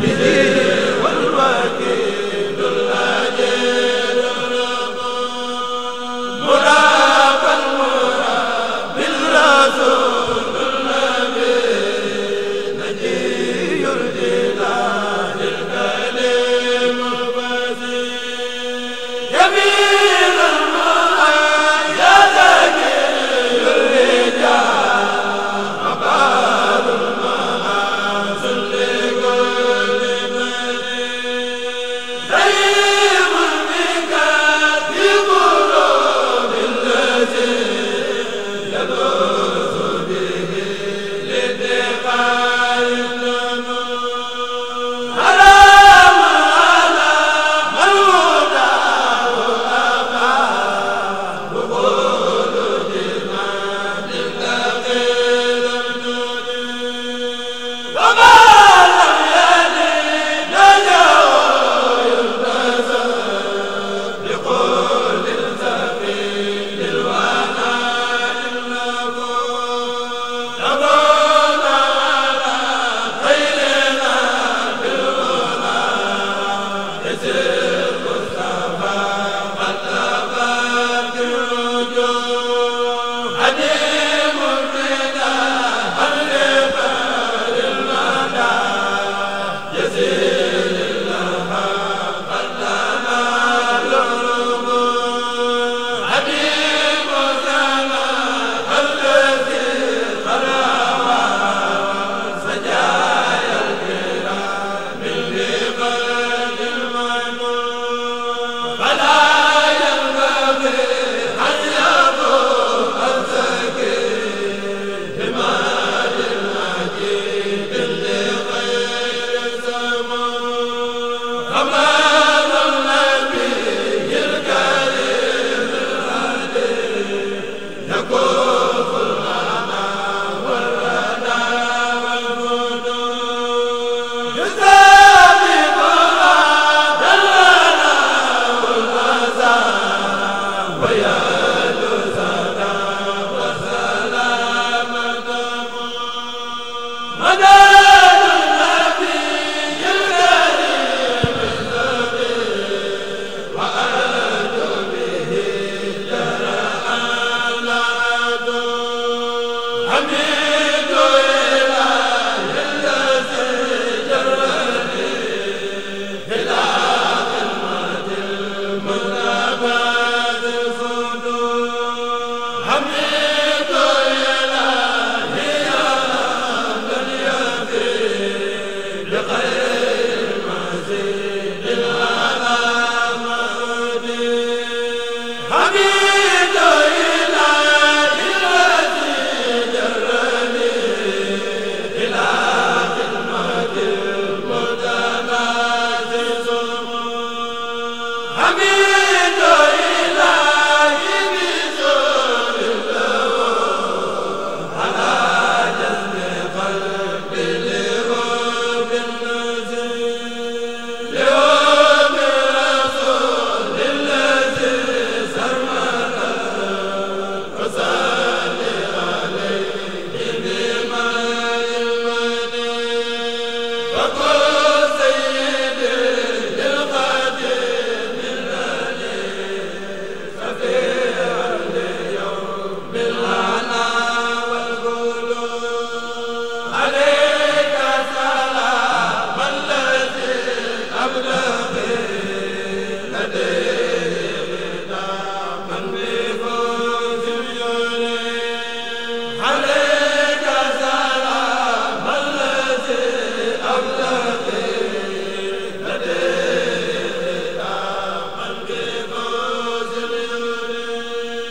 bi Yes amiin